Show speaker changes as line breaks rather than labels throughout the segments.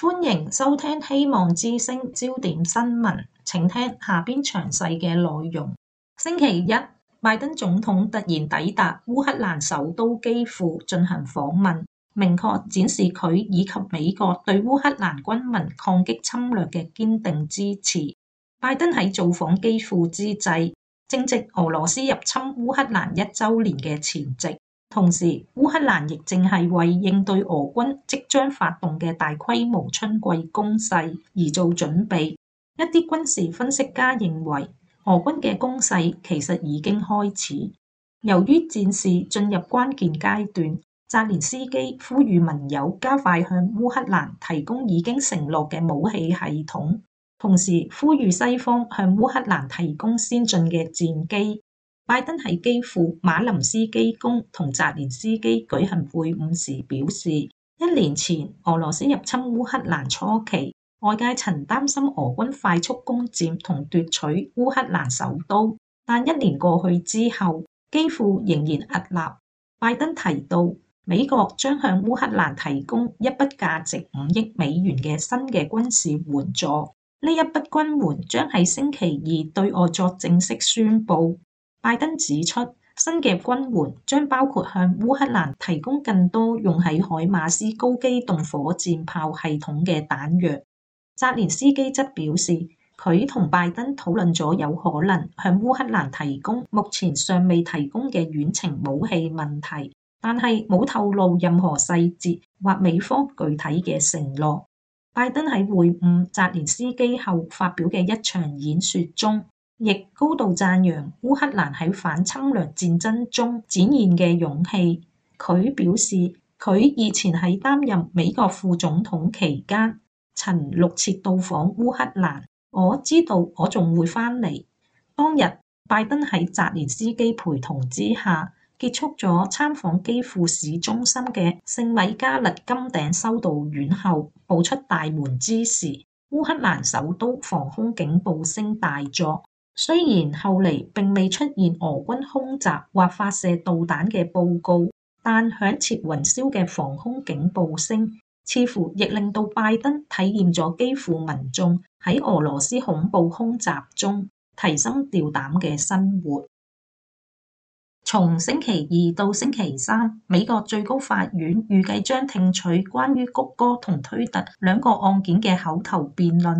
歡迎收聽希望之聲焦點新聞，請聽下邊詳細嘅內容。星期一，拜登總統突然抵達烏克蘭首都基輔進行訪問，明確展示佢以及美國對烏克蘭軍民抗擊侵略嘅堅定支持。拜登喺造訪基輔之際，正值俄羅斯入侵烏克蘭一周年嘅前夕。同時，烏克蘭亦正係為應對俄軍即將發動嘅大規模春季攻勢而做準備。一啲軍事分析家認為，俄軍嘅攻勢其實已經開始。由於戰事進入關鍵階段，澤連斯基呼籲盟友加快向烏克蘭提供已經承諾嘅武器系統，同時呼籲西方向烏克蘭提供先進嘅戰機。拜登喺基輔馬林斯基宮同澤連斯基舉行會晤時表示，一年前俄羅斯入侵烏克蘭初期，外界曾擔心俄軍快速攻佔同奪取烏克蘭首都，但一年過去之後，基輔仍然屹立。拜登提到，美國將向烏克蘭提供一筆價值五億美元嘅新嘅軍事援助，呢一筆軍援將喺星期二對外作正式宣佈。拜登指出，新嘅軍援將包括向烏克蘭提供更多用喺海馬斯高機動火箭炮系統嘅彈藥。澤連斯基則表示，佢同拜登討論咗有可能向烏克蘭提供目前尚未提供嘅遠程武器問題，但係冇透露任何細節或美方具體嘅承諾。拜登喺會晤澤連斯基後發表嘅一場演說中，亦高度讚揚烏克蘭喺反侵略戰爭中展現嘅勇氣。佢表示，佢以前喺擔任美國副總統期間曾六次到訪烏克蘭，我知道我仲會翻嚟。當日，拜登喺澤連斯基陪同之下結束咗參訪基輔市中心嘅聖米加勒金頂修道院後，步出大門之時，烏克蘭首都防空警報聲大作。雖然後嚟並未出現俄軍空襲或發射導彈嘅報告，但響徹雲霄嘅防空警報聲，似乎亦令到拜登體驗咗基輔民眾喺俄羅斯恐怖空襲中提心吊膽嘅生活。從星期二到星期三，美國最高法院預計將聽取關於谷歌同推特兩個案件嘅口頭辯論。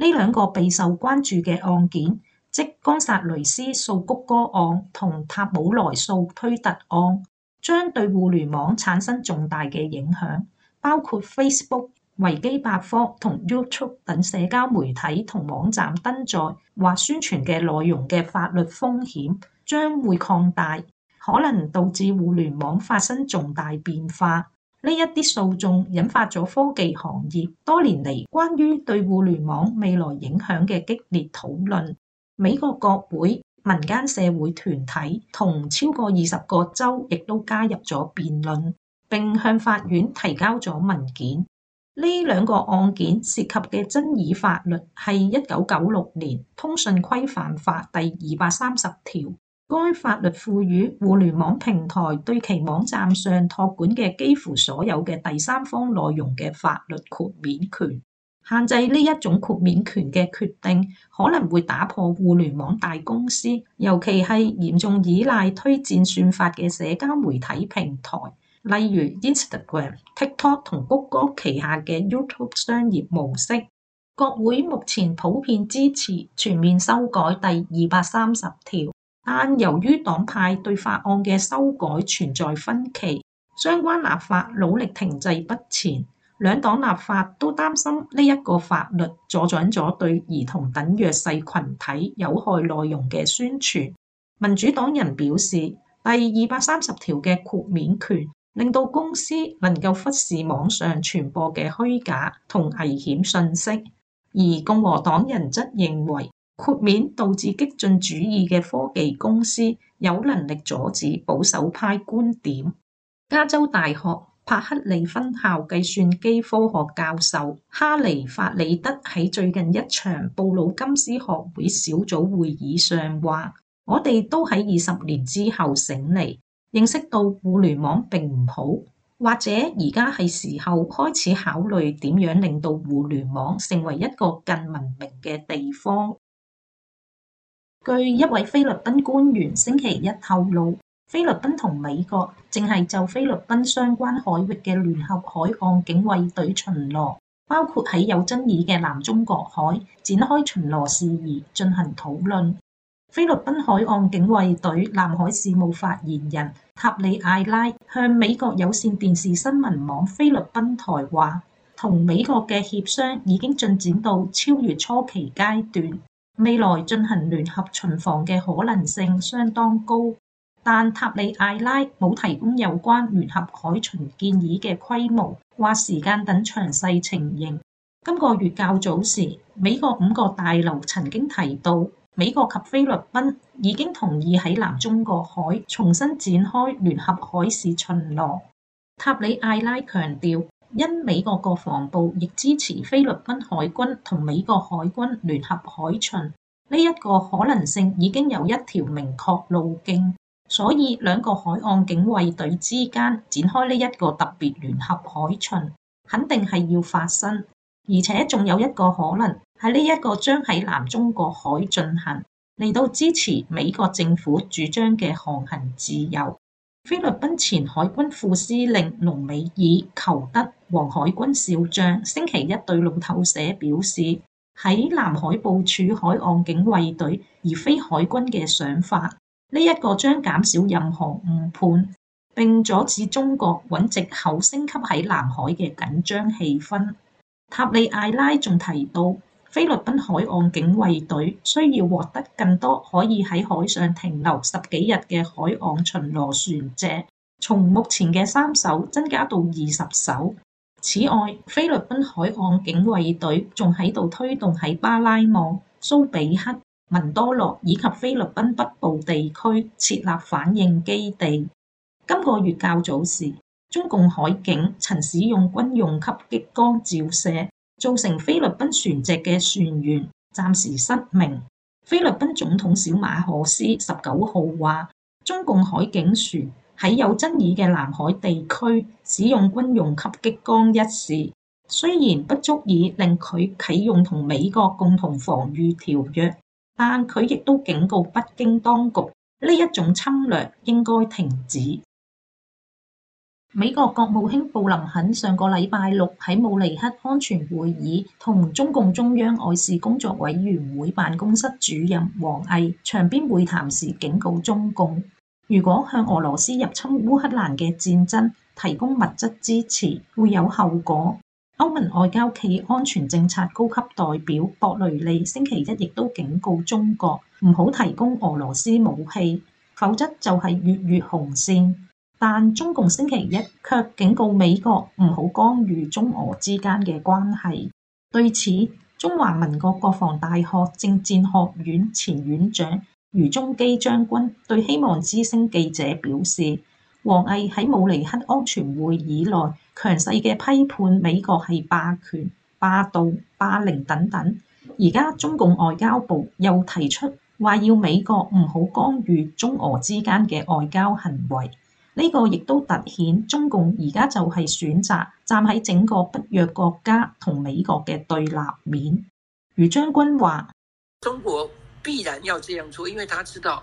呢兩個備受關注嘅案件。即岡薩雷斯訴谷歌案同塔姆萊訴推特案，將對互聯網產生重大嘅影響，包括 Facebook、維基百科同 YouTube 等社交媒體同網站登載或宣傳嘅內容嘅法律風險將會擴大，可能導致互聯網發生重大變化。呢一啲訴訟引發咗科技行業多年嚟關於對互聯網未來影響嘅激烈討論。美國國會、民間社會團體同超過二十個州亦都加入咗辯論，並向法院提交咗文件。呢兩個案件涉及嘅爭議法律係一九九六年《通訊規範法》第二百三十條。該法律賦予互聯網平台對其網站上託管嘅幾乎所有嘅第三方內容嘅法律豁免權。限制呢一種豁免權嘅決定，可能會打破互聯網大公司，尤其係嚴重依賴推薦算法嘅社交媒體平台，例如 Instagram、TikTok 同谷歌旗下嘅 YouTube 商業模式。國會目前普遍支持全面修改第二百三十條，但由於黨派對法案嘅修改存在分歧，相關立法努力停滯不前。兩黨立法都擔心呢一個法律助長咗對兒童等弱勢群體有害內容嘅宣傳。民主黨人表示，第二百三十條嘅豁免權令到公司能夠忽視網上傳播嘅虛假同危險信息，而共和黨人則認為豁免導致激進主義嘅科技公司有能力阻止保守派觀點。加州大學帕克利分校計算機科學教授哈利法里德在最近一場布魯金斯學會小組會議上說，我們都在二十年之後醒來，認識到互聯網並不好，或者現在是時候開始考慮怎樣令互聯網成為一個更文明的地方。據一位菲律賓官員星期一透露，菲律賓同美國淨係就菲律賓相關海域嘅聯合海岸警衛隊巡邏，包括喺有爭議嘅南中國海展開巡邏事宜進行討論。菲律賓海岸警衛隊南海事務發言人塔里艾拉向美國有線電視新聞網菲律賓台話，同美國嘅協商已經進展到超越初期階段，未來進行聯合巡防嘅可能性相當高。但塔里艾拉冇提供有關聯合海巡建議嘅規模或時間等詳細情形。今個月較早時，美國五角大樓曾經提到美國及菲律賓已經同意喺南中國海重新展開聯合海事巡邏。塔里艾拉強調，因美國國防部亦支持菲律賓海軍同美國海軍聯合海巡呢一、這個可能性，已經有一條明確路徑。所以兩個海岸警衛隊之間展開呢一個特別聯合海巡，肯定係要發生，而且仲有一個可能係呢一個將喺南中國海進行，嚟到支持美國政府主張嘅航行自由。菲律賓前海軍副司令龍美爾·裘德黃海軍少將星期一對路透社表示，喺南海部署海岸警衛隊而非海軍嘅想法。呢一個將減少任何誤判，並阻止中國揾藉口升級喺南海嘅緊張氣氛。塔利埃拉仲提到，菲律賓海岸警衛隊需要獲得更多可以喺海上停留十幾日嘅海岸巡邏船隻，從目前嘅三艘增加到二十艘。此外，菲律賓海岸警衛隊仲喺度推動喺巴拉望、蘇比克。文多洛以及菲律賓北部地區設立反應基地。今個月較早時，中共海警曾使用軍用級激光照射，造成菲律賓船隻嘅船員暫時失明。菲律賓總統小馬可斯十九號話，中共海警船喺有爭議嘅南海地區使用軍用級激光一事，雖然不足以令佢啟用同美國共同防禦條約。但佢亦都警告北京當局，呢一種侵略應該停止。美國國務卿布林肯上個禮拜六喺慕尼克安全會議同中共中央外事工作委員會辦公室主任王毅場邊會談時，警告中共，如果向俄羅斯入侵烏克蘭嘅戰爭提供物質支持，會有後果。歐盟外交、暨安全政策高級代表博雷利星期一亦都警告中國，唔好提供俄羅斯武器，否則就係越越紅線。但中共星期一卻警告美國，唔好干預中俄之間嘅關係。對此，中華民國國防大學政戰學院前院長余宗基將軍對希望之聲記者表示。王毅喺慕尼黑安全會議內強勢嘅批判美國係霸權、霸道、霸凌等等。而家中共外交部又提出話要美國唔好干預中俄之間嘅外交行為。呢、這個亦都突顯中共而家就係選擇站喺整個北約國家同美國嘅對立面。如將軍話：中國必然要這樣做，因為他知道。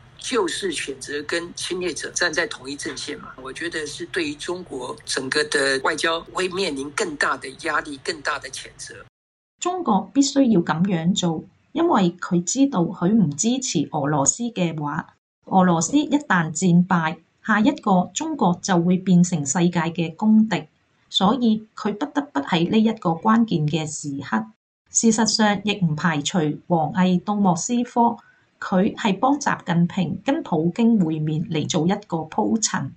就是選擇跟侵略者站在同一陣線嘛。我覺得是對於中國整個的外交會面臨更大的壓力、更大的譴責。中國必須要咁樣做，因為佢知道佢唔支持俄羅斯嘅話，俄羅斯一旦戰敗，下一個中國就會變成世界嘅公敵，所以佢不得不喺呢一個關鍵嘅時刻。事實上亦唔排除王毅到莫斯科。佢係幫習近平跟普京會面嚟做一個鋪陳，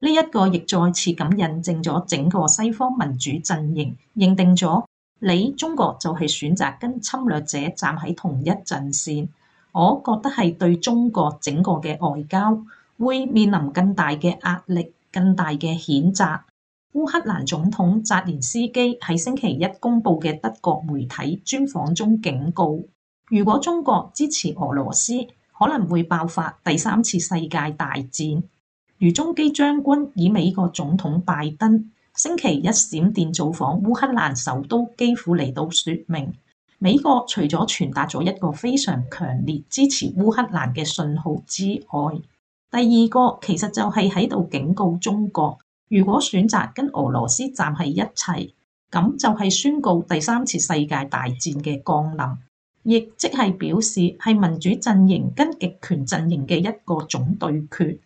呢一個亦再次咁印證咗整個西方民主陣營認定咗你中國就係選擇跟侵略者站喺同一陣線，我覺得係對中國整個嘅外交會面臨更大嘅壓力、更大嘅譴責。烏克蘭總統澤連斯基喺星期一公佈嘅德國媒體專訪中警告。如果中國支持俄羅斯，可能會爆發第三次世界大戰。如中基將軍以美國總統拜登星期一閃電造訪烏克蘭首都基輔，嚟到説明美國除咗傳達咗一個非常強烈支持烏克蘭嘅信號之外，第二個其實就係喺度警告中國，如果選擇跟俄羅斯站喺一齊，咁就係宣告第三次世界大戰嘅降臨。亦即係表示係民主陣營跟極權陣營嘅一個總對決。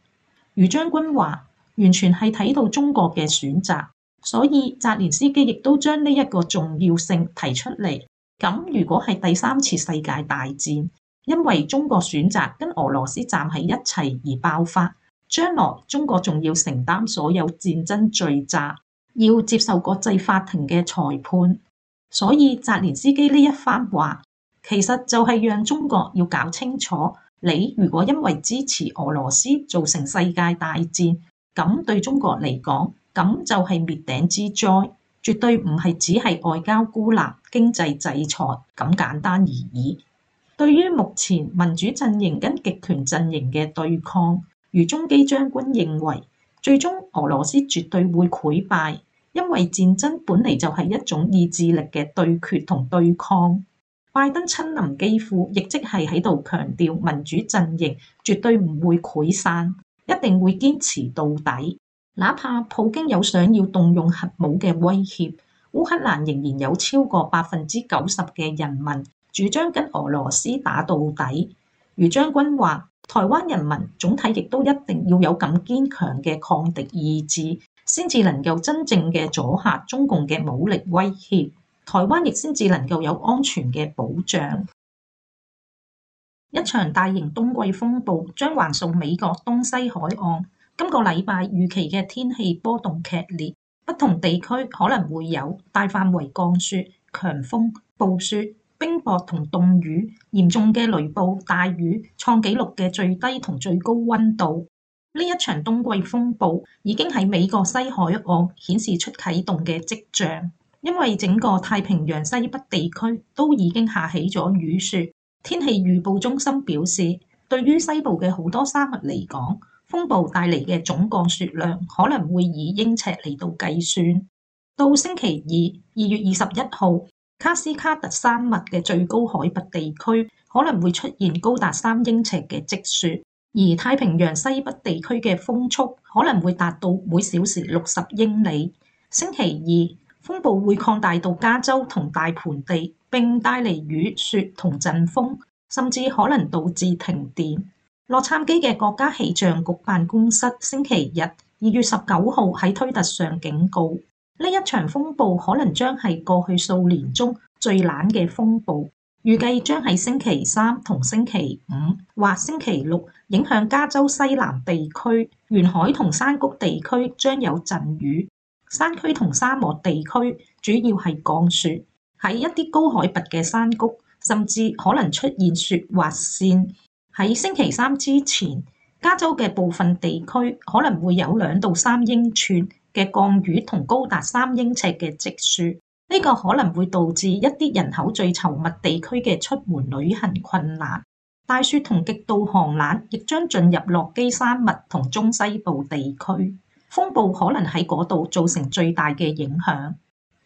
余將軍話，完全係睇到中國嘅選擇。所以澤連斯基亦都將呢一個重要性提出嚟。咁如果係第三次世界大戰，因為中國選擇跟俄羅斯站喺一齊而爆發，將來中國仲要承擔所有戰爭罪責，要接受國際法庭嘅裁判。所以澤連斯基呢一番話。其實就係讓中國要搞清楚，你如果因為支持俄羅斯造成世界大戰，咁對中國嚟講，咁就係滅頂之災，絕對唔係只係外交孤立、經濟制裁咁簡單而已。對於目前民主陣營跟極權陣營嘅對抗，俞中基將軍認為，最終俄羅斯絕對會潰敗，因為戰爭本嚟就係一種意志力嘅對決同對抗。拜登親臨基輔，亦即係喺度強調民主陣營絕對唔會潰散，一定會堅持到底。哪怕普京有想要動用核武嘅威脅，烏克蘭仍然有超過百分之九十嘅人民主張跟俄羅斯打到底。余將軍話，台灣人民總體亦都一定要有咁堅強嘅抗敵意志，先至能夠真正嘅阻嚇中共嘅武力威脅。台灣亦先至能夠有安全嘅保障。一場大型冬季風暴將橫掃美國東西海岸。今個禮拜預期嘅天氣波動劇烈，不同地區可能會有大範圍降雪、強風、暴雪、冰雹同凍雨，嚴重嘅雷暴、大雨，創紀錄嘅最低同最高溫度。呢一場冬季風暴已經喺美國西海岸顯示出啟動嘅跡象。因為整個太平洋西北地區都已經下起咗雨雪，天氣預報中心表示，對於西部嘅好多山脈嚟講，風暴帶嚟嘅總降雪量可能會以英尺嚟度計算。到星期二，二月二十一號，卡斯卡特山脈嘅最高海拔地區可能會出現高達三英尺嘅積雪，而太平洋西北地區嘅風速可能會達到每小時六十英里。星期二。風暴會擴大到加州同大盆地，並帶嚟雨雪同陣風，甚至可能導致停電。洛杉磯嘅國家氣象局辦公室星期日二月十九號喺推特上警告，呢一場風暴可能將係過去數年中最冷嘅風暴。預計將喺星期三同星期五或星期六影響加州西南地區，沿海同山谷地區將有陣雨。山區同沙漠地區主要係降雪，喺一啲高海拔嘅山谷，甚至可能出現雪滑線。喺星期三之前，加州嘅部分地區可能會有兩到三英寸嘅降雨同高達三英尺嘅積雪。呢、這個可能會導致一啲人口最稠密地區嘅出門旅行困難。大雪同極度寒冷亦將進入洛基山脈同中西部地區。風暴可能喺嗰度造成最大嘅影響。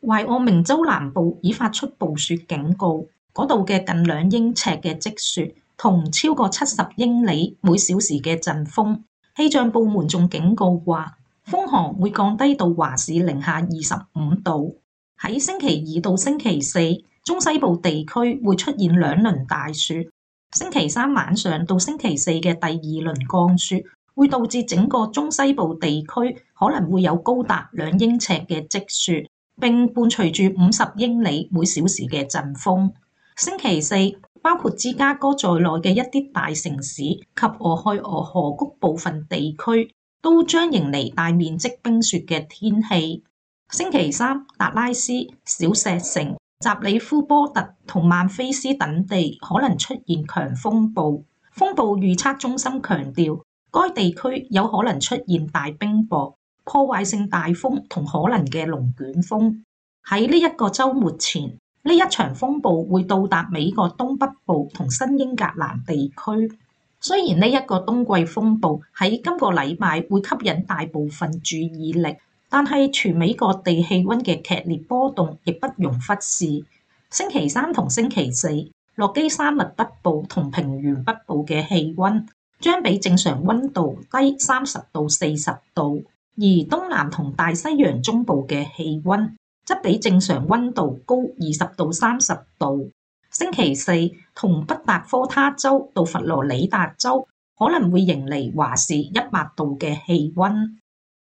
懷俄明州南部已發出暴雪警告，嗰度嘅近兩英尺嘅積雪同超過七十英里每小時嘅陣風。氣象部門仲警告話，風寒會降低到華氏零下二十五度。喺星期二到星期四，中西部地區會出現兩輪大雪。星期三晚上到星期四嘅第二輪降雪，會導致整個中西部地區可能會有高達兩英尺嘅積雪，並伴隨住五十英里每小時嘅陣風。星期四，包括芝加哥在內嘅一啲大城市及俄亥俄河谷部分地區，都將迎嚟大面積冰雪嘅天氣。星期三，達拉斯、小石城、什里夫波特同曼菲斯等地可能出現強風暴。風暴預測中心強調。該地區有可能出現大冰雹、破壞性大風同可能嘅龍捲風。喺呢一個週末前，呢一場風暴會到達美國東北部同新英格蘭地區。雖然呢一個冬季風暴喺今個禮拜會吸引大部分注意力，但係全美各地氣溫嘅劇烈波動亦不容忽視。星期三同星期四，洛基山脈北部同平原北部嘅氣溫，將比正常溫度低三十到四十度，而東南同大西洋中部嘅氣溫則比正常溫度高二十到三十度。星期四，從北達科他州到佛羅里達州可能會迎嚟華氏一百度嘅氣溫。